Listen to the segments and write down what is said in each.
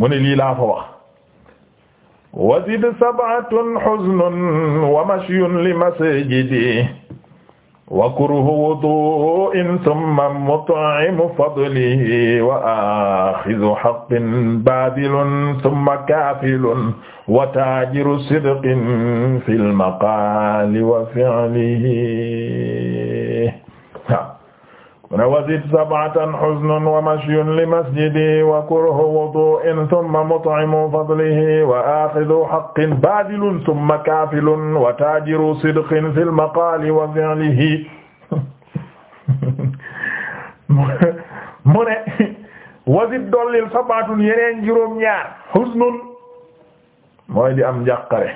mu ne lii laa fa wax wa zid sab'atun huznun wa mashyun li masjidi wa kurhu wudu'in thumma mut'imu fadlihi wa akhidhu haqqin baadilun thumma kaafilun wa taajiru sidqin fil maqaali wa fi'lihi ne wasit sabatan xusnun wa mashyun li masjidi wa kurhu wudu'in thumma mut'imu fadlihi wa axidu haqqin baadilun thumma kaafilun wa taajiru sidqin fil maqaali wa fi'lihi mu ne wasit dollil sabatun yeneen juróom ñaar xusnun mooy di am njàqare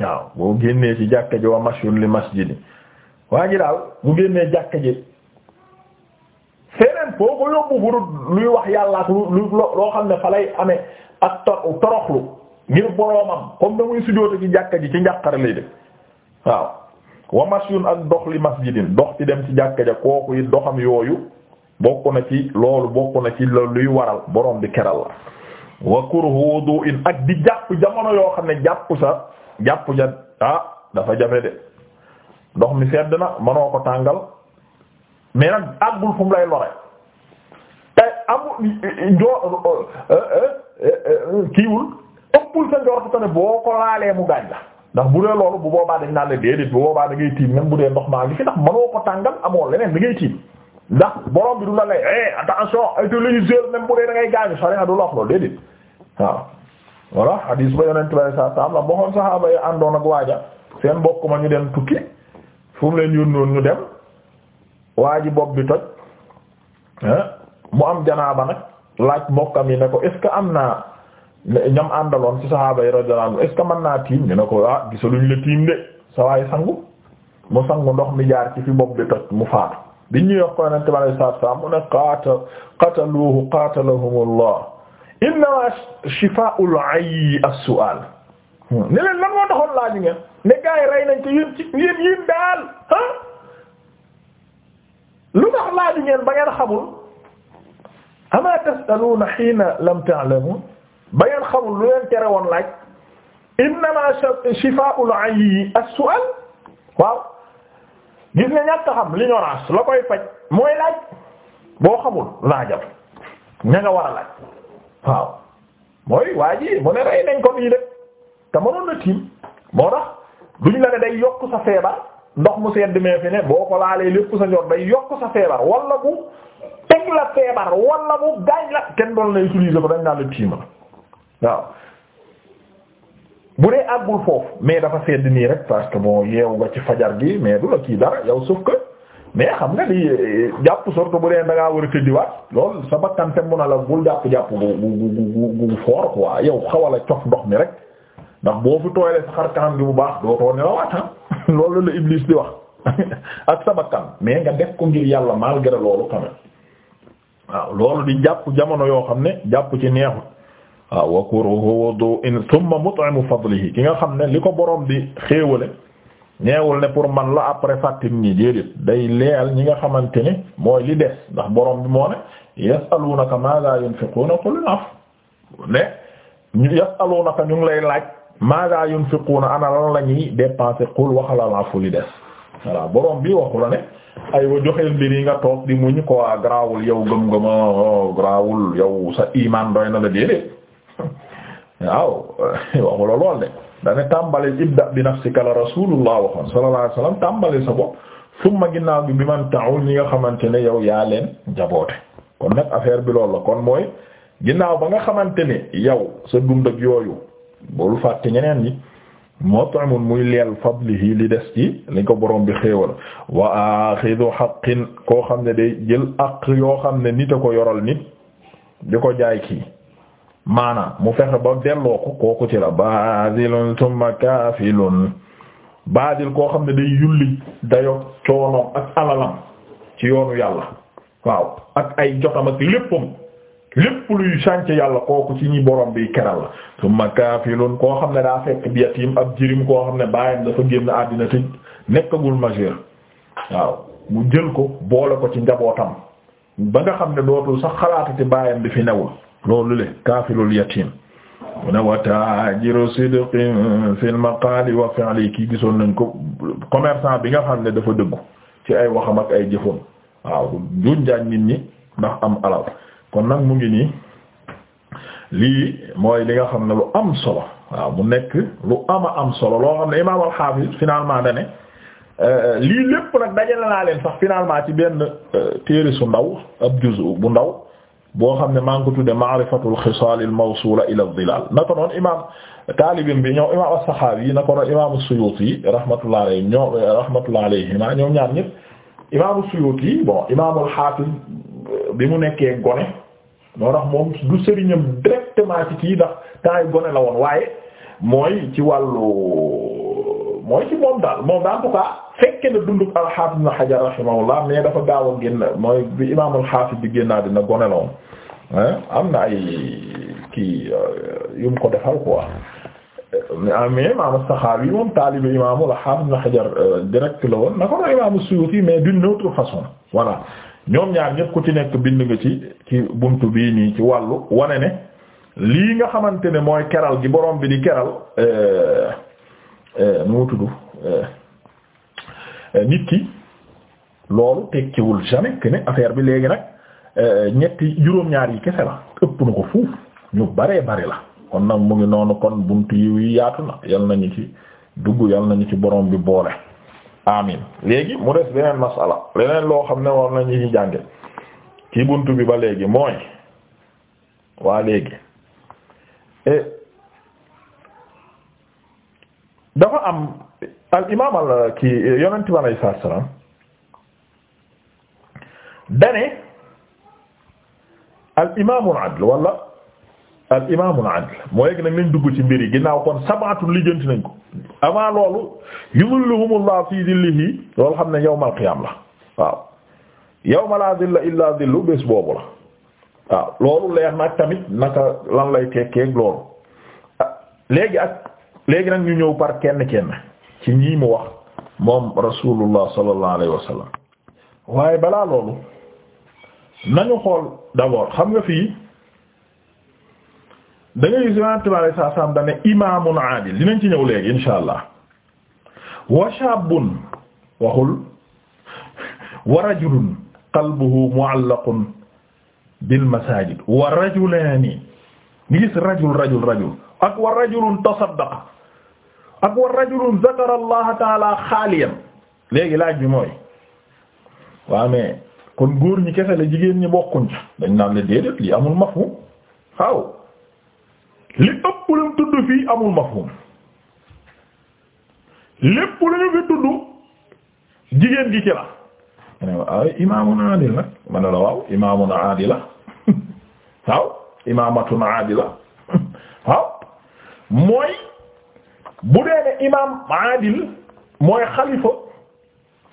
waaw boo génnee ci jàkka ji wa mashyun li masjidi waa ji daal bu génnee jàkka ji foo ko yóbbu yàlla loo xam ne fa lay amee ak toroxlu ngir boroomam comme da muy ci jàkka waaw wa masyun ak dox li masjidin dox ci dem ci jàkka ja kooku it doxam yooyu bokk na ci loolu bokk na ci luy waral boroom bi keral la wa kurhu wudu'in ak di jàpp jamono yoo xam ne jàpp sa jàpp ja ah dafa jafe de ndox mi sedd na mënoo ko tàngal mais nag àggul fu lay lore te amul njoo kiiwul ëppul sa njort te ne boo ko laalee mu gaañ la ndax bu dee loolu bu boobaa dañ naan la déedéet bu boobaa da ngay tiim même bu dee ndox maa ngi fi ndax mënoo ko tàngal amoo leneen da ngay tiim ndax borom bi du la lay eh attention ay te lañu seul même bu dee da ngay gaañu sariya du la waaw voilà hadis ba yonent bay sa tam la boxoon saxaaba yi àndoon ak waaja seen bokk ma ñu dem tukki fu mu leen yónnoon ñu dem waa bopp bi toj ah mu am janaaba nag laaj mbokkam yi ne ko est ce que am naa ñam àndaloon ci saxaaba yi radiyallahu anhu est ce naa tiim ñu ne ko ah gisaluñ la tiim de sa sangu mu sangu ndox mi jaar ci fi bopp bi toj mu faatu bi ñuy wax ko yonente bi alayhi salaatu wa mu ne qaata qataluuhu qatalahumullah innama shifaa'ul ayyi as-su'aal ne leen lan moo taxoon laaj ngeen ne rey nañ ko yéen ci daal lu tax laaj ngeen ba ngeen xamul ama tasaluuna xiina lam ta'lamu ba ngeen xamul lu leen tere woon laaj innama shifaa'ul ayyi as-su'al waaw gis nga ñàkk xam l'ignorance la koy faj mooy laaj boo xamul laajal ña nga war a laaj waaw mooy waa ji mu ne rey nañ ko nii de te mënoon na tiim moo tax duñ la ne day yokk sa feebar ndox mu sedd mee fi ne boo ko laalee lépp sa njor day yokk sa feebar wala bu teg la feebar wala mu gaañ la kenn doon la utiliser ko dañ naan la tiima waaw bu dee àggul foofu mais dafa sedd nii rek parce que bon yeewu nga ci fajar gi mais du la kii dara yow sauf que mais xam nga di jàpp surtout bu dee da ngaa war a tëddiwaat loolu sa bakkan temb na la bul jàpp jàpp gu gu gu gu fort quoi yow xawal a ndox mi rek ndax boo fi tooyalee sa xar kanam gi bu baax dootoo ne la waat ah. loolu la Iblis di wax ak sa bakkan mais nga def ngir yàlla malgré loolu waaw loolu di jàpp jamono yoo xam ne jàpp ci neexut waaw wa kuruhu wudu'in thumma mut'imu fadlihi ki nga xam ne li ko borom bi xéewale neewul ne pour man la après fàttin ñi déedéet day leeyal ñi nga xamante ne mooy li des ndax borom bi moo ne yasalunaka madha yunfiquna qul al-'afw ne ñu yasalunaka ñu ngi lay laaj madha yunfiquna ana lan la ñuy dépenser qul waxal li des voilà borom bi waxu ne ay wa joxeel mbir yi nga toog di muñ ko waa garaawul yow gëm gëma oh, garaawul yow sa iman doy na la déedéet waaw waxula lool de dane tàmbale ibda bi nafsika la rasulullah waxoon sallallahu alayhi wasallam tàmbale sa bopp summa ginnaaw bi bi man ta'ul ñi nga xamante ne yow yaa leen jaboote kon nag affaire bi loolu la kon mooy ginnaaw ba nga xamante ne yow sa dund yooyu bul fàtte ñeneen ñi mut'imun muy leel fadlihi li des ci li ko borom bi xéewal wa axidu xaqin koo xam ne day jël aq yoo xam ne nit a ko yoral nit di ko jaay kii maanaam mu fexe ba delloo ko kooku ci la baadilun tumma kaafilun baadil koo xam ne day yulli dayoo coonoom ak alalam ci yoonu yàlla waaw ak ay jotam ak léppam lépp luy sànc yàlla kooku ci ñi borom bi keral la summa kaafilun koo xam ne daa fekk bi yatim ab jirim koo xam ne baayam dafa génn àddina te nekkagul majeur waaw mu jël ko boole ko ci njabootam ba nga xam ne dootul sax xalaatati baayam bi fi newul loolu le kaafilul yatim mu ne wa taajiru sidqin fil maqaali wa fi'li kii gisoon nañ ko commerçant bi nga xam ne dafa dëggu ci ay waxam ak ay jëfam waaw du njaañ nit ñi ndax am alal kon nag mu ngi nii lii mooy li nga xam ne lu am solo waaw mu nekk lu ama am solo loo xam ne imaam al-Hafiz finalement da ne euh, lii lépp nag dajale naa leen sax finalement ci benn euh, téere su ndaw ab juzu bu ndaw boo xam ne maa ngi ko tudde ma'rifatul xisaal al-mawsuula ila ad-dilaal naka noonu imaam taalibim bi ñoom imaam as-Saxaawi naka noonu alayhima ñoom ñaar ñëpp imaam suyuuti bon imaam euh, bi mu nekkee gone moo tax moom du sëriñam directement ci kii ndax temps yi gone la woon waaye mooy ci wàllu mooy ci moom daal moom daal en fekke na dundug al-Hafiz Ibn Hajar rahimahullah mais dafa gaaw a génn mooy bi imaam al bi génnaa dina gone la woon am na ay kii euh, yu mu ko defal quoi ah, mais imaam as-Sakhawi moom taalibe imaam al-Hafiz Ibn Hajar euh, direct la woon na ko na imaam as-Suyuti mais d'une autre façon voilà ñoom ñaar ñëpp ku ci nekk bind nga ci ci buntu bii nii ci wàllu wane ne lii nga xamante ne mooy keral gi borom bi di keral euh, euh, nu mu tudd euh, nit ki loolu tekkiwul jamais que ne affaire bi léegi nag ñetti juróom-ñaar yi kese la ëpp na ko fuuf ñu baree bari la kon nag mu ngi noonu kon buntu yi yaatu na yal nañu ci dugg yal nañu ci borom bi boole. amin léegi mu des leneen masala leneen loo xam ne war nañu ci jànge ci buntu bi ba léegi mooy waa léegi eh. dafa am al imaam al ki yonent bi alayhi salaatu salaam dane al imaamul adl wala al imaamul adl moo yegg nag nañ dugg ci mbir yi ginnaaw kon sabaatu lijjanti nañ ko avant loolu yuzilluhumullahu fi zillihi loolu xam ne yawmal qiyaam la waaw yawma laa zilla illaa zillu bés boobu la waaw loolu leer nag tamit naka lan lay tekkeeg loolu ah léegi ak léegi nag ñu ñëw par kenn kenn ci ñii mu wax moom rasulullah sallallahu alayhi wa sallam waaye balaa loolu nañu xool d'abord xam nga fii da ngay gis yonent bi alayhi salaam dane imaamun aadil dinañ ci ñëw léegi insha allah wa shaabun waxul wa rajulun qalbuhu mu'allaqun bil masaajid wa rajulaani ngi gis rajul rajul ak wa rajulun tasaddaqa ak wa rajulun zakara allaha taala xaaliyan léegi laaj bi mooy waa mais kon góor ñi kese la jigéen ñi bokkuñ dañ naan la amul mafhum waaw li ëpp lu ñu tudd fii amul mafhum lépp lu ñu fi tudd jigéen gi ci la mane ay ah, aadil nag ma ne la waaw imaamun aadila waaw imaamatun aadila waaw mooy bu dee ne imaam aadil mooy xalifa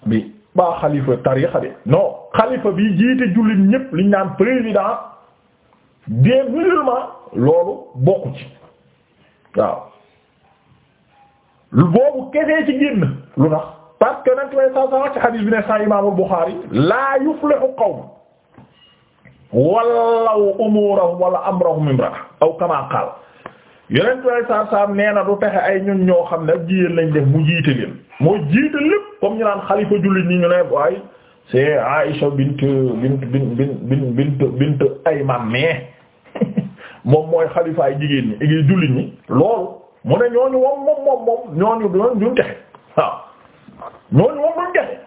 bi ba xalifa tarixa de non xalifa bi jiite jullit ñépp liñ naan président des musulmans loolu bokku ci waaw boobu kesee ci génn lu tax parce que nag lay saa ci xadiis bi ne saa imaamul Buxaari laa yuflihu qawm wallaw umurahum wala amrahum imra aw kama yeneen tuwaay saar na du texe ay ñun ñoo xam ne ak lañ def mu jiite leen moo jiite lépp comme ñu naan xalifa jullit ñi ñu ne waaye c'est Aïcha bint bint bint bint bint bint Ayman mais moom mooy xalifaay jigéen ñi igi jullit ñi loolu mu ne ñooñu moom moom moom ñooñu duñ texe waaw ñooñu moom duñ texe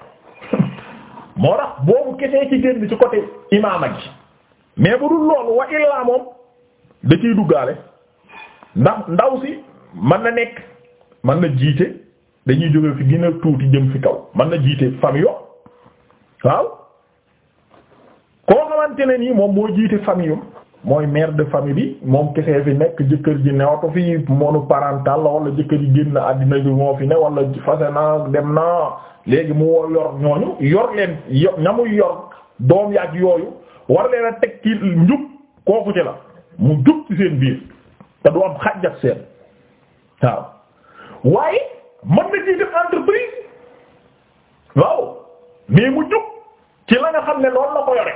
moo tax boobu kesee ci génn ci côté imaama gi mais bu dul loolu wa illaa moom da ciy duggaale ndax ndaw si mën na nekk mën na jiite dañuy jóge fi gën a tuuti jëm fi kaw mën na jiite famille yo waaw koo xamante ne nii moom moo jiite famille mooy mère de famille bi moom kese fi nekk jëkkër ji newatu fi monoparental la wala jëkkër ji génn àddina bi moo fi ne wala fase na dem na léegi mu woo yor ñooñu yor leen ñamuy yor doom yaak yooyu war leen a teg ci njub kooku ci la mu jub ci seen biir te du am xaj ak seen waaw waaye mën na ci def entreprise waaw mais mu jub ci la nga xam ne loolu la ko yore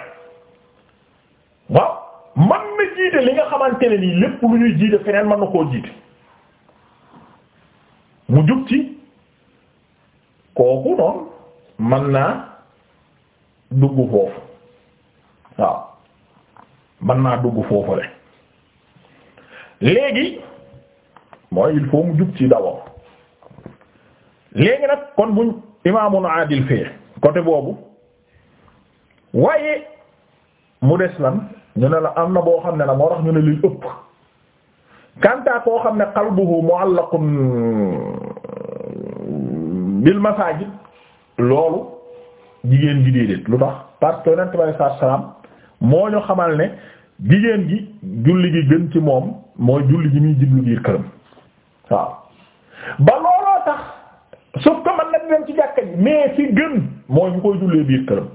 waaw man na jiite li nga xamante ne nii lépp lu ñuy jiite feneen mën na koo jiite mu jub ci kooku noonu man naa dugg foofu waaw man naa dugg foofu léegi moo il faut mu jub ci d'abord léegi nag kon buñ imaamun adil fee côté boobu waaye mu des lan ñu ne la am na boo xam ne la moo tax ñu ne li ëpp kanta koo xam ne qalbuhu mu'allaqun bil masajid loolu jigéen gi déedéet lu tax parce que yonent bi sallallahu alayhi moo ñu xamal ne jigéen gi julli gi gën ci moom mooy julli gi muy jiblu biir këram waaw ba looloo tax sauf que man na dem ci jàkka ji mais ci gën mooy mu koy jullee biir këram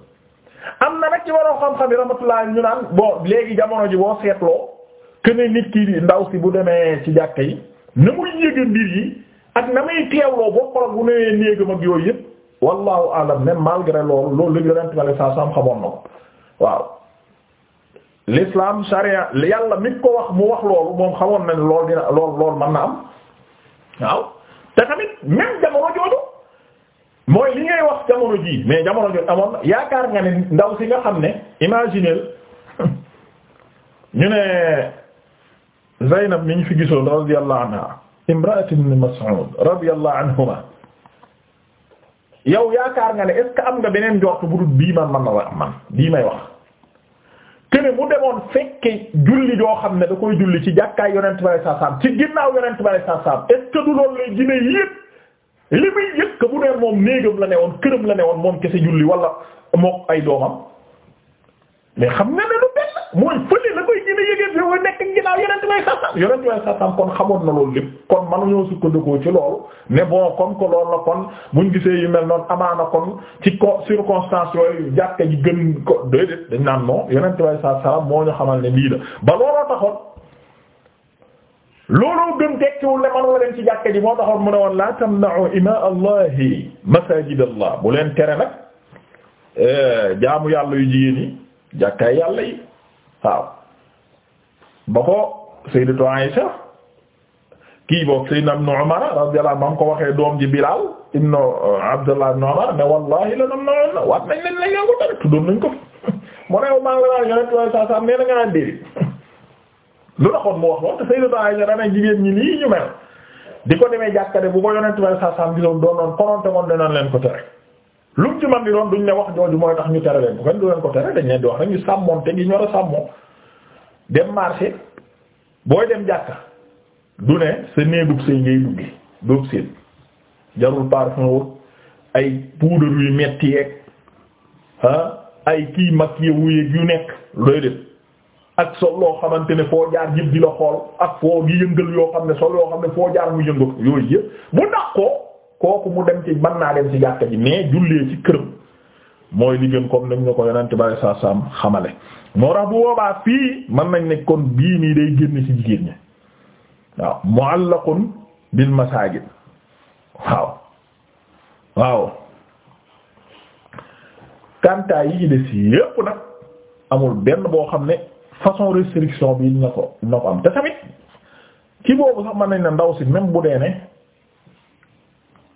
am na nag ci waroo xam-xam yi rahmatullah ñu naan boo léegi jamono ji boo seetloo que ne nit ki ndaw si bu demee ci jàkka yi na muy yëga mbir yi ak na may teewloo boo xoolal bu nee néegam ak yooyu yëpp wallahu alam même malgré loolu loolu léegi yonent bi saa sam xamoon na ko waaw. l'islam charia yàlla mi ko wax mu wax loolu moom xamoon na ne loolu dina loolu loolu mën na am waaw te tamit même jamono jooju mooy li ngay wax jamono jii mais jamono jot amoon yaakaar nga ne ndaw si nga xam ne imagineel ñu ne Zaynab mi ñu fi gisoon radiyallahu anha imra'at ibn Mas'ud radiyallahu anhuma yow yaakaar nga ne est ce am nga beneen njort bu dul bii man man na wax man bii may wax kene mu demoon fekke julli joo xam ne da koy julli ci jàkkaay yonent bi sallallahu alayhi ci ginnaaw yonent bi sallallahu alayhi wasallam est du loolu lay gine yépp li muy yëg bu dee moom néegam la ne woon këram la ne woon moom kese julli walla mook ay doomam mais xam nga ne lu benn mooy fële la koy gën yëgee fi nekk ginnaaw yonent yonent way sasam kon xamoon na loolu lépp kon manu ñoo sukkandikoo ci loolu ne bon kon ko loolu yu mel noonu amaana kon ci ko circonstance yooyu jàkka ji gën ko dañ naan non yonent way sasam moo ñu xamal ne lii la ba looloo taxoon looloo gën tekkiwul ne man nga ci jàkka ji moo taxoon mu ne woon la tamna'u ima allahi masajid allah bu leen tere nag e, jaamu yàlla yu jigéen yi yàlla yi waaw ba ko sayyidatu Aisha kii boog sayyidna ibnu Umar radiyallahu anhu ko waxee doom ji Bilaal ibnu e, Umar ne wallahi la nam na waat nañ leen lañ leen ko tere tuddoon nañ ko mu ne maa ngi la naan yonent sallallahu alayhi wasallam nee na naan déedéet lu taxoon mu wax lool te Sayyidatu Aisha jigéen ñi nii ñu mel di ko demee jàkkade bu ko yonent ba saa saam gisoon doon noon konoonte moom danañ leen ko tere lu mu ci man di doon duñ ne wax jooju mooy tax ñu tere leen bu kenn du leen ko tere dañ leen di wax rek ñu sàmmoon te gi ñor a sàmmoo dem marché booy dem jàkka du ne sa néegub sëy ngay duggi doob seen jarul parfum wut ay poudre yu metti yeeg ah ay kii mag yeeg yu nekk looy def ak sol loo xamante ne foo jaar jib di la xool ak foo gi yëngal yoo xam ne soloo yoo xam ne foo jaar mu yëngal yooyu yëpp bu ndax ko kooku mu dem ci mën naa dem ci jàkka ji mais jullee ci këram mooy li gën comme ni ñu ko yonent bari saa saam xamale moo tax bu boobaa fii mën nañ ne kon bii nii day génn ci jigéen ñi waaw mu'allaqun bil masaajid waaw waaw kantaay yi des yépp nag amul benn boo xam ne façon restriction bi na ko na ko am te tamit ci boobu sax mën nañ ne ndaw si même bu dee ne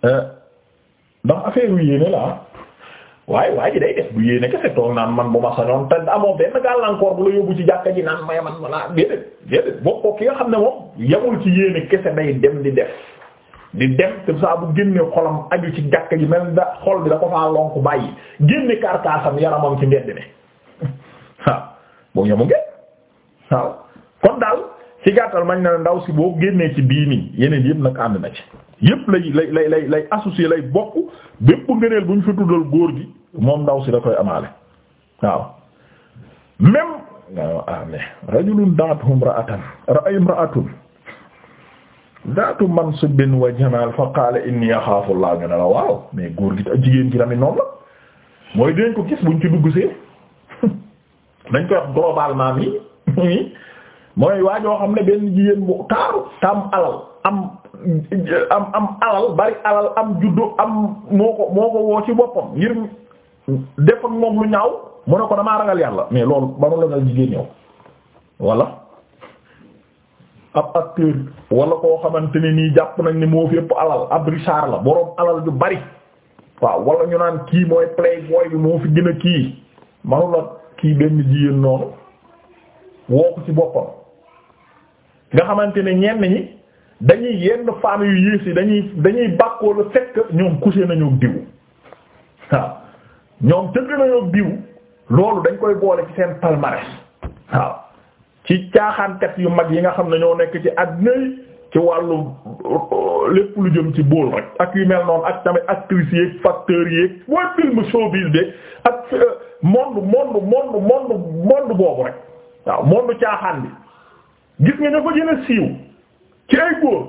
euh, ndax affaire yu yéene la waaye waa ji day def bu yéene kese toog naan man bu ma sañoon te amoo benn gàllankoor bu la yóbbu ci jàkka ji naan may man walla déedéet déedéet bokkoo ki nga xam ne moom yamul ci yéene kese day dem di def di dem te saa bu génne xolam aju ci jàkka ji mel da xol bi da ko faa lonk bàyyi génne karkaasam yaramam ci mbedd ne waaw boobu waaw kon daal ci gàttal mañ na ndaw si boo génnee ci bii nii yeneen yëpp nag ànd na ci yëpp lay lay lay lay lay associé lay bokk bépp ngëneel bu ñu fi tuddal góor gi moom ndaw si da koy amaale waaw même waaw ah mais rajulun daatu imra'atan ra'a imra'atun daatu mansibin wa jamal fa qala ñu ne la waaw mais góor gi jigéen gi tamit noonu la mooy dinañ ko gis buñ ci dugg see dañ koy wax globalement nii mooy waa ñoo xam ne benn jigéen bu taaru tam alal am am am alal bari alal am juddu am moo ko moo ko woo ci boppam ngir def moom lu ñaaw mu ne ko damaa ragal yàlla mais loolu ba mu jigéen ñëw walla ab acteur wala koo xamante ne nii jàpp nañ ne moo fépp alal ab Richard la boroom alal ju bari waaw wala ñu naan kii mooy playboy bi moo fi gën a kii manu kii benn jigéen noonu woo ko ci boppam nga xamante ne ñenn ñi dañuy yenn femmes yu yées yi dañuy dañuy bàkkoo lu fekk ñoom couché nañu diw waaw ñoom tëdd nañu diw loolu dañ koy boole ci seen palmarès waaw ci caaxaankat yu mag yi nga xam ne ñoo nekk ci ak yi ci wàllu euh, lépp lu jëm ci bool rek ak yu mel noonu ak tamit actrices yeeg facteurs yeeg waa film showbiz de ak euh, monde monde monde monde monde boobu rek. waaw moom du caaxaan bi gis nga ña ko gën a siiw ci ay góor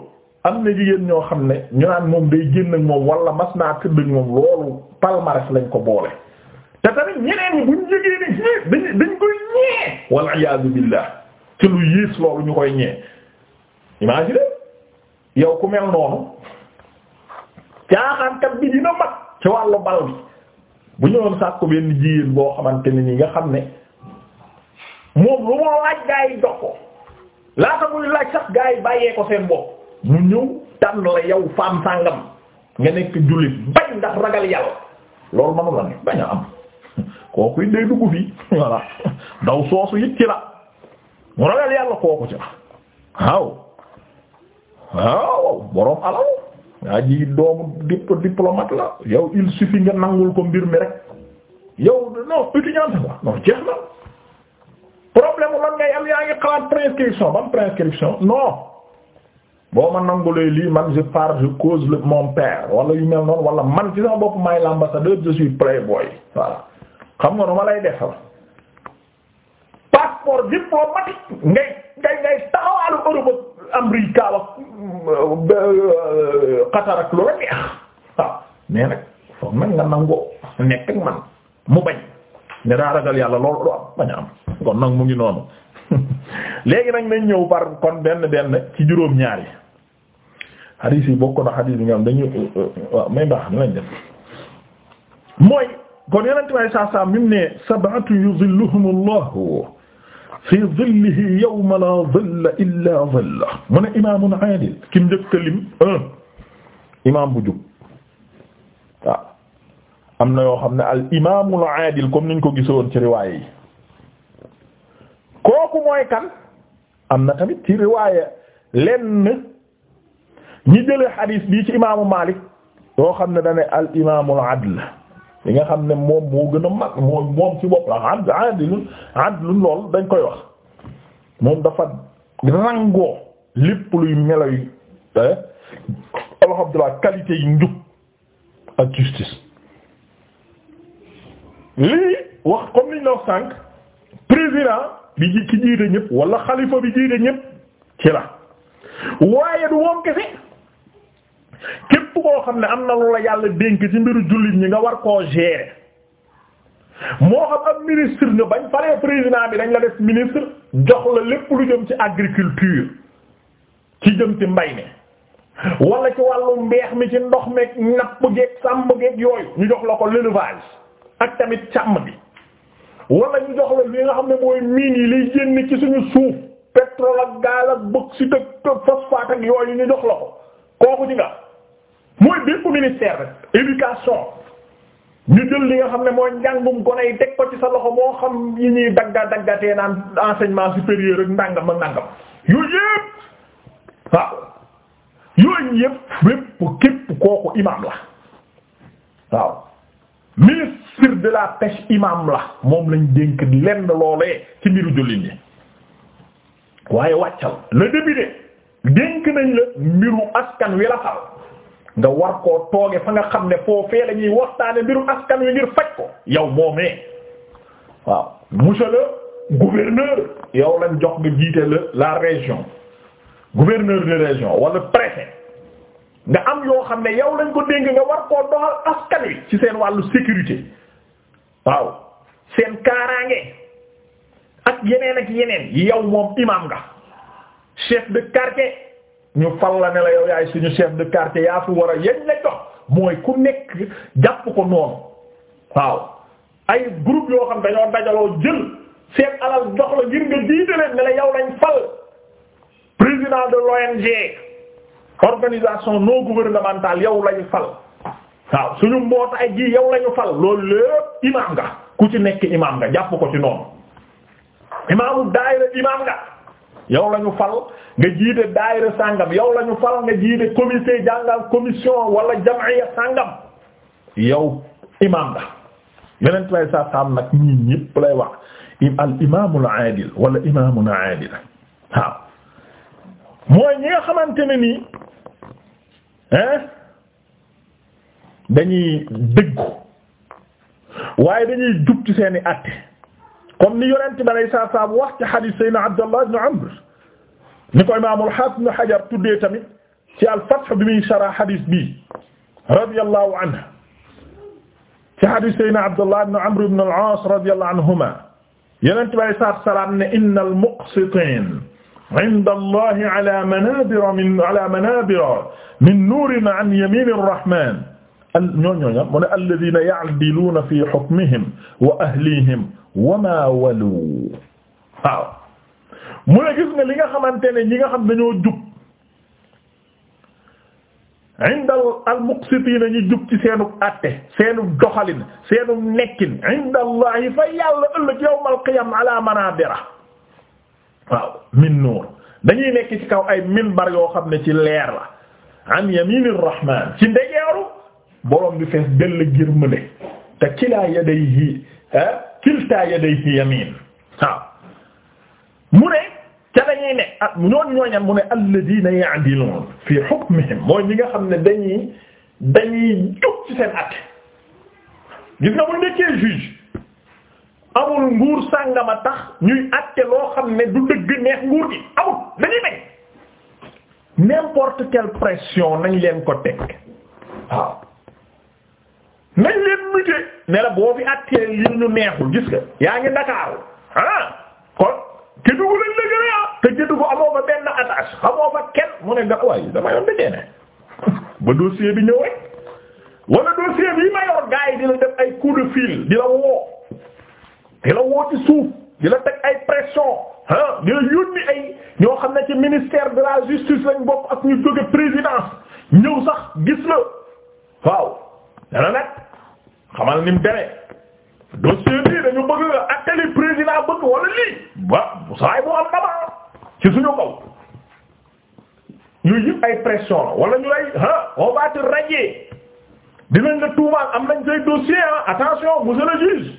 am na jigéen ñoo xam ne ñu naan moom day génn ak moom walla mas naa tëdd ak moom loolu palmarès lañ ko boole te tamit ñeneen ñi buñ jógee ni dañ koy ñee walla iyaazu billaah ci lu yiis loolu ñu koy ñee imagine yow ku mel noonu caaxaankat bi dina mag ci wàllu bal bi bu ñëwoon sàkku benn jigéen boo xamante ne ñi nga xam ne moom lu ma laaj gaa yi jox ko laata muy laaj sax gaa yi bàyyee ko seen bopp mu ñëw tànn la yow faam sàngam nga nekk jullit bañ ndax ragal yàlla loolu manu la bañ a am kooku it day dugg fii voilà daw soosu it ci la mu ragal yàlla kooku ci la waaw waaw boroom alal waa ji doomu diplomate la yow il suffit nga nangul ko mbir mi rek yow non étudiant la non jeex na problème lan ngay am yaa ngi xalaat prescription ban prescription non boo ma nangulee lii man je pars je cause le mon père wala yu mel noonu wala man ci sama bopp maay l'ambassadeur je suis playboy voilà xam nga nu ma lay defal passeport diplomatique ngay ngay ngay taxawaalu Europe ak Amérique ak euh, euh, Qatar ak lu la neex waaw mais nag foog nag nga nangoo nekk man mu bañ ne daa ragal yàlla loolu du am bañ am. kon nag mu ngi noonu léegi nag nañ ñëw par kon benn benn ci juróom ñaari xadiis yi bokk na xadiis bi nga xam dañu waaw may baax na lañ def mooy kon yonent may saa saa mim ne sab'atu yuzilluhumu Allahu fi zillihi yawma la zilla illa zilla mu ne imaamun aadil kim njëkk lim un imaam bu jub am na yoo xam ne al imaamul aadil comme niñ ko gisoon ci riwaay yi kooku mooy kan am na tamit ci riwaaya lenn ñi jëlee xadiis bii ci imaamu Maalik yoo xam ne dane al imaamul adl li nga xam ne moom moo gën a mag moom ci bopp la adl adl lool dañ koy wax moom dafa rangoo lépp luy melo yi alhamdulillah qualité yi njub ak justice lii wax comme niñ président bi ji ki jiite ñëpp wala xalifa bi jiite ñëpp ci la waaye du moom kese képp koo xam ne am na lu la yàlla dénk ci mbiru jullit ñi nga war koo gérer moo xam am ministre nga bañ paree président bi dañ la def ministre jox la lépp lu jëm ci agriculture ci jëm ci mbay mi wala ci wàllu mbeex mi ci ndox meeg napp geeg sàmm geeg yooyu ñu jox la ko l'élevage ak tamit càmm bi wala ñu jox la li nga xam ne mooy mine yi liy génn ci suñu suuf pétrole ak gaz ak bauxite ak phosphate ak yooyu ñu jox la ko kooku ci nga mooy bépp ministère rek éducation ñu jël li nga xam ne mooy njàngum gone yi teg ko ci sa loxo moo xam yi ñuy dagga daggatee naan enseignement supérieur ak ndàngam ak ndàngam yooyu yëpp waaw yooyu yëpp képp kooku imam la waaw ministre de la pêche imam la moom lañ dénk lenn loolee ci mbiru jullit ñi waaye wàccal la début dénk nañ la mbiru askan wi la xal nga war koo tooge fa nga xam ne foofee la ñuy waxtaane mbiru askan wi ngir faj ko yow moomee waaw monsieur gouverneur yow lañ jox nga jiite la la région gouverneur de région wala préfet nga am yoo xam ne yow lañ ko dénk nga war koo doxal askan wi ci seen wàllu sécurité waaw seen kaaraange ak yeneen ak yeneen yow moom imam nga chef de quartier ñu fal la ne la yow yaay suñu chef de quartier yaa fi war a yeñ la jox mooy ku nekk jàpp ko noonu waaw ay groupe yoo xam dañoo dajaloo jël seen alal jox la ngir nga jiite leen ne la yow lañ fal président de l'ONG organisation non gouvernementale yow lañu fal waaw suñu mbootaay gi yow lañu fal loolu lépp imaam nga ku ci nekk imaam nga jàpp ko ci noonu imaamu daayira imaam nga yow lañu fal nga jiite daayira sàngam yow lañu fal nga jiite comité jàngal commission wala jamaaya sàngam yow imaam nga yeneen lay sa saam nag ñii ñépp lay wax al imaamul aadil wala imaamuna aadil waaw mooy ñi nga nii hein dañuy dëggu waaye dañuy jub ci seeni àtte comme ni yonent ba lay saa saabu wax ci xadiis Seydina Abdallah ibn Amr ni ko Imaam al-Haafiz ibn Hajar tuddee tamit ci al-Fath bi muy sharh xadiis bi radiyallahu anhu ci xadiis Seydina Abdallah ibn Amr ibn al-Aas radiyallahu anhuma yonent ba lay saa salaam ne innal muqsitiin inda Allahi ala manabira min ala manabira min nuurin an yamini rrahman ñooñooña mu ne alladina ya'diluuna fi hukmihim wa ahlihim wa ma walu waaw mu ne gis nga li nga xamante ne ñi nga xam dañoo jub inda al muqsitina ñu jub ci seenu atte seenu doxalin seenu nekkin inda Allahi fa yàlla ëllëg yawmal qiyaama ala manabira waaw min nuur dañuy nekk ci kaw ay minbar yoo xam ne ci leer la an yaminir rahman ci ndegeeru borom bi fees dell girmande te kilaa yadayhi kiltaa yadayhi yamin waaw mu ne ca dañuy ne ah ñooñu ñooñan mu ne alladina ya'dilun fi hukmihim mooy ñi nga xam ne dañuy dañuy jóg ci seen at gis nga bu nekkee juge amul nguur sàngama tax ñuy àtte loo xam ne du dëgg neex nguur gi amul dañuy bañ n'importe quelle pression nañ leen ko teg waaw nañ leen mute ne la àttee li ñu neexul gis ka yaa ngi Ndakaaru ah kon Kédougou lañ la gën a te Kédougou amoo fa benn attache amoo fa kenn mu ne nga dama yoon dajee ne ba dossier bi ñëw rek wala dossier bi ma yor gars def ay coup de fil di woo di woo ci suuf di teg ay pression ah di la yónni ay ñoo xam ne ci ministère de la justice lañ bokk ak ñu jóge présidence ñëw sax gis la waaw dana nag xamal ni mu demee dossier bi dañu bëgg nga attali président bëgg wala lii ba saay boo am dama ci suñu kaw yooyu yëpp ay pression la wala ñu lay ah on va te radier dinañ la tuumaal am nañ say dossier ah attention monsieur le juge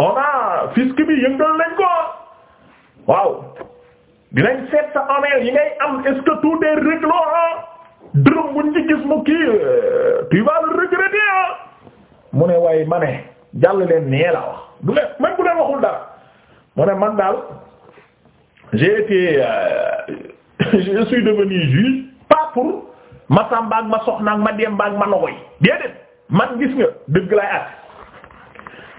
on a fisc bi yëngal nañ ko waaw dinañ seet sa ameel yi ngay am est-ce que tout est réglé ah? dërëm buñ ci gis mu kii euh, tu vas le ah mu ne waaye ma ne jàll leen nee la wax du leen même bu leen waxul dara mu ne man daal j'ai été euh, je suis devenu juge pas pour ma sàmbaag ma soxnaag ma dembaag ma noxoy déedéet man gis nga dëgg laay at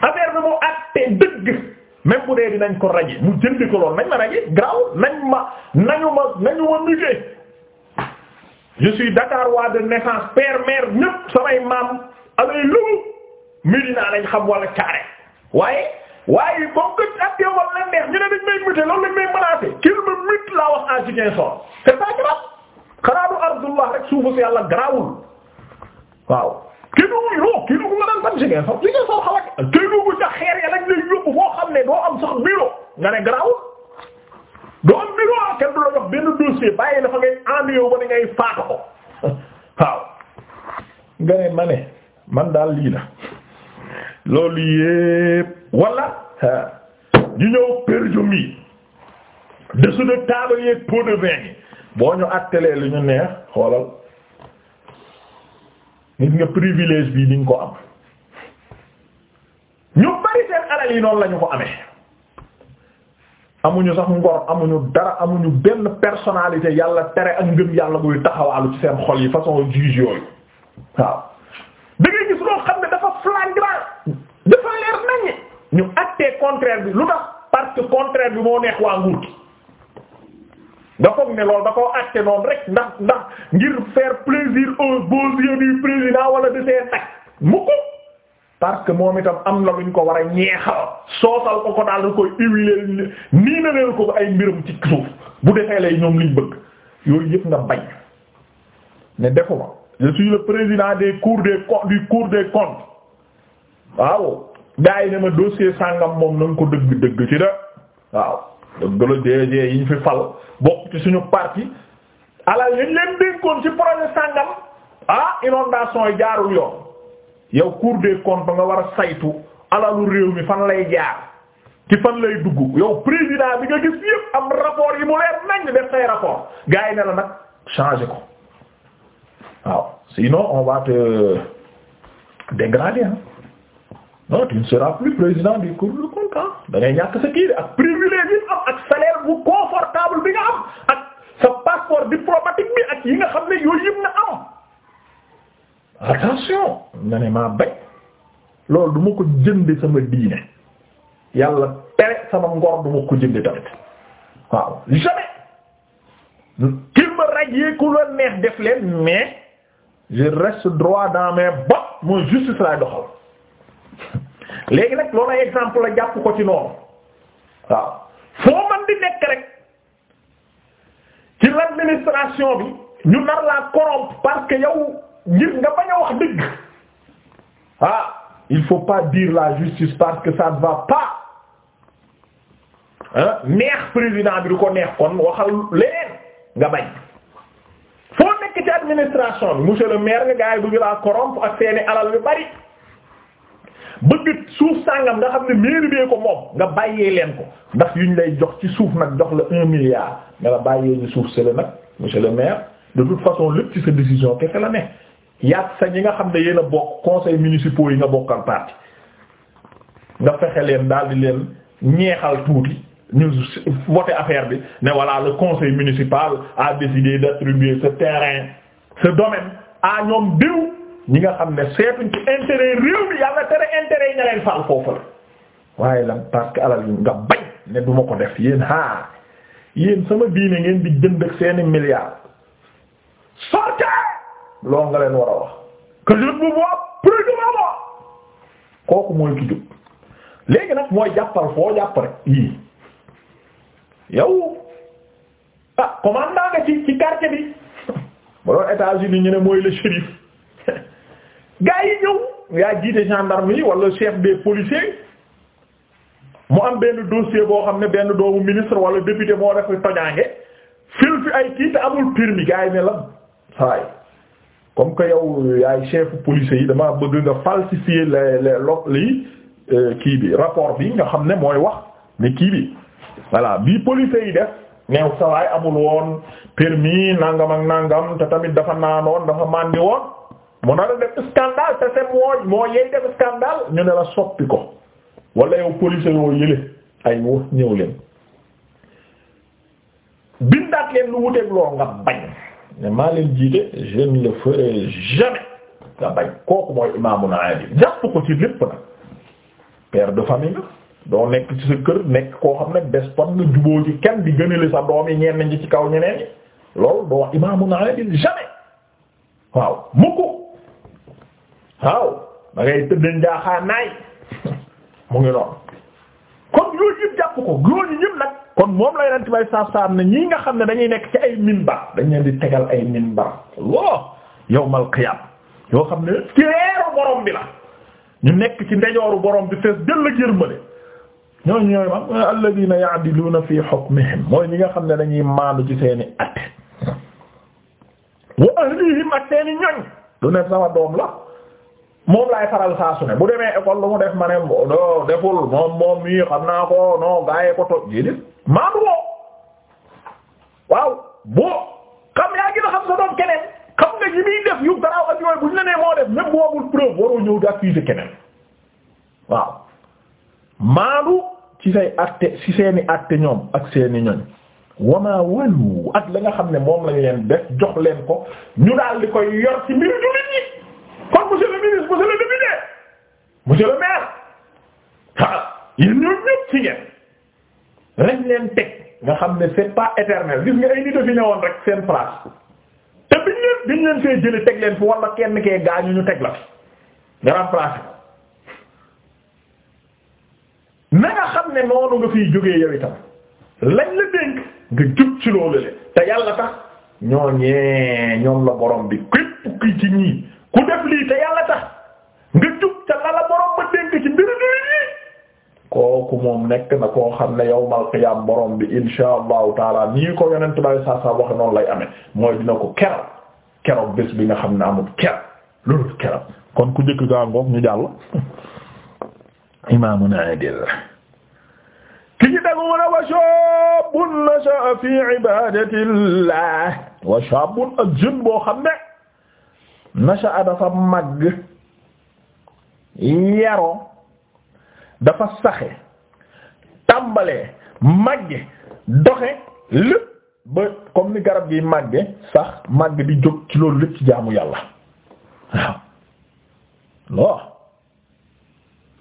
affaire bi mu àttee dëgg même bu ko raje mu jëndi ko lool nañ ma raje graw nañ ma nañu ma nañu ma muté je suis Dakar waa de naissance père mère ñëpp samay maam alay lëgu Médina lañ xam wala caare waaye waaye boo ko ak yow wala neex ñu ne dañ may muté loolu lañ may menacé kil ma mit laa wax en jigin sor c'est pas grave xaraadu ardullah rek suufu si yàlla grawul waaw Kédougou non Kédougou nga daan tam Ziguinchor Ziguinchor xaw a Kédougou ca xeer ya lañ lay yóbbu foo xam ne doo am sax bureau nga ne garaaw doo am bureau kenn du la jox benn dossier bàyyi ngay ennuyeewu ba ne ngay faatu ko waaw. nga ne ma daal lii la de table yeeg pot de boo ñu attelé lu ñu neex xoolal. nit nga privilège bi di nga ko am ñu bari seen alal yi noonu la ñu ko amee amuñu sax ngor amuñu dara amuñu benn personnalité yàlla tere ak ngëm yàlla buy taxawaalu ci seen xol yi façon juge yooyu waaw da ngay gis loo xam ne dafa flagrant dafa leer naññi ñu acté contraire bi lu tax parce que contraire bi moo neex waa nguur da foog ne loolu da koo acte noonu rek ndax ndax ngir faire plaisir aux beaux yeux du président wala de ses mu ko parce que moom itam am na luñ ko war a ñeexal soosal ko ko daal da koy humilier nii na ko ay mbiram ci suuf bu defee lay ñoom liñ bëgg yooyu yëpp nga bañ ne defuma je suis le président des cours des comptes du cours des comptes waaw gars ne ma dossier sàngam moom na nga ko dëgg dëgg ci da waaw dëgg la DG yi ñu fi fal bokk ci suñu parti alal yi ñu leen dénkoon ci sàngam ah inondation yi jaarul yoon yow Cour des comptes nga war a saytu alalu réew mi fan lay jaar ci fan lay dugg yow président bi nga gis yëpp am rapport yi mu leer nañ def say rapport gars yi ne la nag changé ko waaw sinon on va te dégrader non tu ne seras plus président du Cour des comptes ah ñàkk sa kii ak privilège am ak salaire bu confortable bi nga am ak sa passeport diplomatique bi ak yi nga xam ne yooyu yëpp nga am attention nga maa bañ loolu du ko jënde sama diine yàlla tere sama ngor du ko jënde tamit waaw jamais qu'il me radier ku la neex def leen mais je reste droit dans mes bottes mooy justice laay doxal léegi nag loolu ay exemple la jàpp ko ci noonu waaw foo man di nekk rek ci l'administration bi ñu nar laa corrompre parce que yow ngir nga bañ a wax dëgg ah il faut pas dire la justice parce que ça ne va pas ah neex président bi du ko neex kon waxal leneen nga bañ foo nekk ci administration bi monsieur le maire nga gars yi bëgg laa corrompre ak seeni alal yu bari bëgg suuf sàngam nga xam ne mairie bee ko moom nga bàyyee leen ko ndax yu ñu lay jox ci suuf nag jox la un milliard nga la bàyyee ñu suuf sële nag monsieur le maire de toute façon lépp ci sa décision kese la ne yaat sa ñi nga xam ne yéen a bokk conseil municipaux yi nga bokkal parti nga fexe leen daal di leen ñeexal tuuti ñu voté affaire bi ne voilà le conseil municipal a décidé d'attribuer ce terrain ce domaine à ñoom diw ñi nga xam ne seetuñ ci intérêt réew mi yàlla tere intérêt yi ña leen faal foofu la waaye lan parce alal yi nga bañ ne duma ko def yéen haa yéen sama diine ngeen di jënd ak seeni milliards sortez loo nga leen war a wax que je vous vois plus kooku mooy ki jub léegi nag mooy jàppal foo jàpp rek yow ah nga ci ci quartier bi ba doon États-Unis ñu ne mooy le shérif gaa yi ñëw yaa jiite gendarmerie wala chef des policiers mu am benn dossier boo xam ne benn doomu ministre wala député moo def fi tojaange fil fi ay kii te amul permis gaa yi ne la saay comme que yow yaay chef policier yi dama bëgg nga falsifier les les lo lii euh, kii bi rapport bi nga xam ne mooy wax ne kii bi voilà bii policier yi def neew sawaay amul woon permis nangam ak nangam te tamit dafa naanoon dafa màndi woon mu nar a def scandale te set moo moo yey def scandale ñu ne la soppi ko wala yow police yoo yële ay wax ñëw leen bindaat leen lu wuteeg lool nga bañ ne maa leen jiite je le ferai jamais nga bañ kooku mooy imaamu na adil ko ci lépp nag père de famille doo nekk ci sa kër nekk koo xam ne bes pon nga juboo ci kenn di gënale sa doom yi ñi ci kaw ñeneen ñi loolu doo imaamu na jamais waaw mukk waaw da ngay tëdd njaaxaa naay mu ngi noonu kon yooyu yëpp jàpp ko yooyu yëpp nag kon moom lay rent bay saaf saaf ne ñi nga xam ne dañuy nekk ci ay minbar dañ leen di tegal ay minbar yow ma qiyaam yoo xam ne ci reeru borom bi la ñu nekk ci ndejooru borom bi fees dëll ak yërmale ñooñu ñooy mam alladina ya'diluuna fi ñi nga xam ne dañuy maandu ci seeni at wa ahlihim ak seeni ñoñ du ne sama doom la moom laay faral saa su ne bu demee école lu mu def ma ne do deful moom moom mii xam naa ko non gaayee ko toj jédét maandu boo waaw boo xam yaa gën a xam sa doom keneen xam nga yi muy def yu garaaw ak yooyu bu ñu la nee moo def même bu amul waroo ñëw di accuser keneen waaw maandu ci say acte ci seeni acte ñoom ak seeni ñoñ wama walu ak la xam ne moom lañu leen def jox leen ko ñu daal koy yor ci mbiru jullit ñi kon monsieur le ministre monsieur le maire ah yéen ñooñu ñëpp ci ngeen lañ leen teg nga xam ne c'est pas éternel gis nga ay nit a fi ñëwoon rek seen place te biñ leen biñ leen fee jëlee teg leen fi wala kenn kee gaañu ñu teg la fi nga remplacé ko na xam ne noonu nga fiy jógee yow itam lañ la dénk nga jub ci loolu le te yàlla tax ñooñee ñoom la borom bi képp ki ci ñii. kooku moom nekk na koo xam ne yawmal qiyaam borom bi insha allahu taala nii ko yonent bale saa saa waxe noonu lay amee mooy dina ko keroog keroog bés nga xam ne amul keroog loolu keroog kon ku njëkk gaa ngoog ñu jàll imaamu na adil ki ci daggu mën a wa shaabun nasha'a fi ibadatillah boo xam ne nasha'a dafa màgg yaroo dafa saxe tàmbalee màgge doxe lépp ba comme ni garab gi màgge sax màgge di jóg ci loolu lépp ci jaamu yàlla waaw loo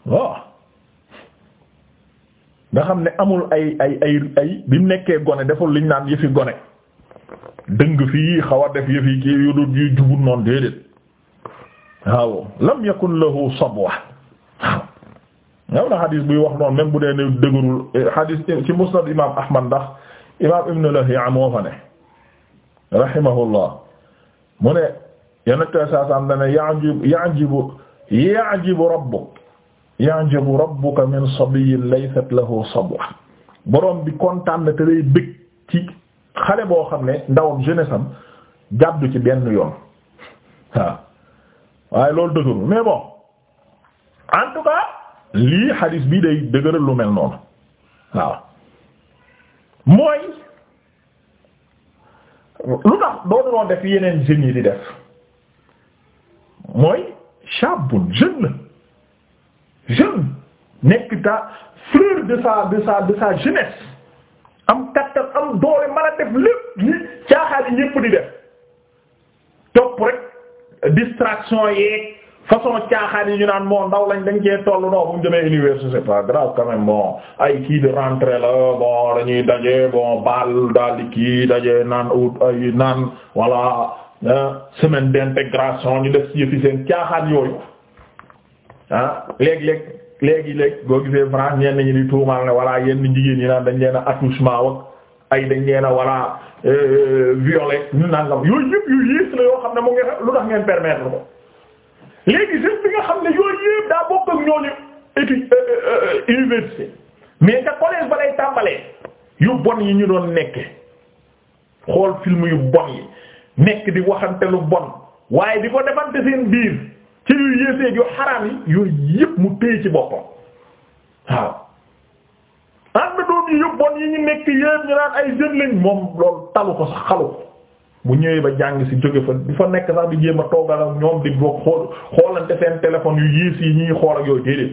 loo nga xam ne amul ay ay ay ay bi mu nekkee gone deful liñ naan yëfi gone dëng fii xaw a def yëfi kii yu dul yu jubut noonu déedéet waaw lam yakun lahu sabwa ñëw na xadis buy wax noonu même bu dee ne dëgërul eh, xadis ci musnad imam ahmad ndax imam ibnu lahiya moo fa ne rahimahullah mu ne yenn tey saa saa am na ne ya'jibu ya'jibu ya'jibu rabbuk ya'jibu rabbuka min sabiyyin laysat lahu sabwa borom bi kontaan na te day bëgg ci xale boo xam ne ndawam jeunesse am jàddu ci benn yoon waaw waaye loolu dëgërul mais bon en tout cas. lii xadis bi day dëgëral lu mel noonu waaw mooy lu tax doonu doon def yeneen jeunes yi di def mooy chabun jeune la jeune nekk ta fleur de sa de sa de sa jeunesse am am doole mën a def lépp li caaxaali di def topp rek distraction yeeg façon caaxaan yi ñu naan moo ndaw lañ dañ cee toll noo bu mu demee université c'est pas grave ay kii de rentrée la bon dañuy daje bon baal daal di kii daje naan ut ay naan voilà semaine d'intégration ñu def ci yëfi seen caaxaan yooyu ah léeg-léeg léegi-léeg boo gisee France ñenn ñi di tuumal ne voilà yenn jigéen ñi naan dañ leen a attouchement ak ay dañ leen a voilà euh, euh, violet ñu nangam yooyu yu yées la yoo xam ne mu ngi lu tax ngeen permettre ko. léegi jeune bi nga xam ne yooyu yëpp daa bokk ak ñooñu étude euh, euh, euh, université mais ca collège ba lay tàmbalee yu bon yi ñu doon nekk xool film yu bon yi nekk di waxante lu bon waaye di ko defante seen biir ci yu yéeseeg yu xaraam yi yooyu yëpp mu téye ci boppam waaw am na doom yi yu bon yi ñu nekk yëpp ñu naan ay jeune lañ moom loolu talu ko sax xalu bu ñëwee ba jàng si jóge fa du fa nekk sax bi jéem a toogal ak ñoom di bokk xool xoolante seen téléphone yu yées yi ñuy xool ak yooyu déedéet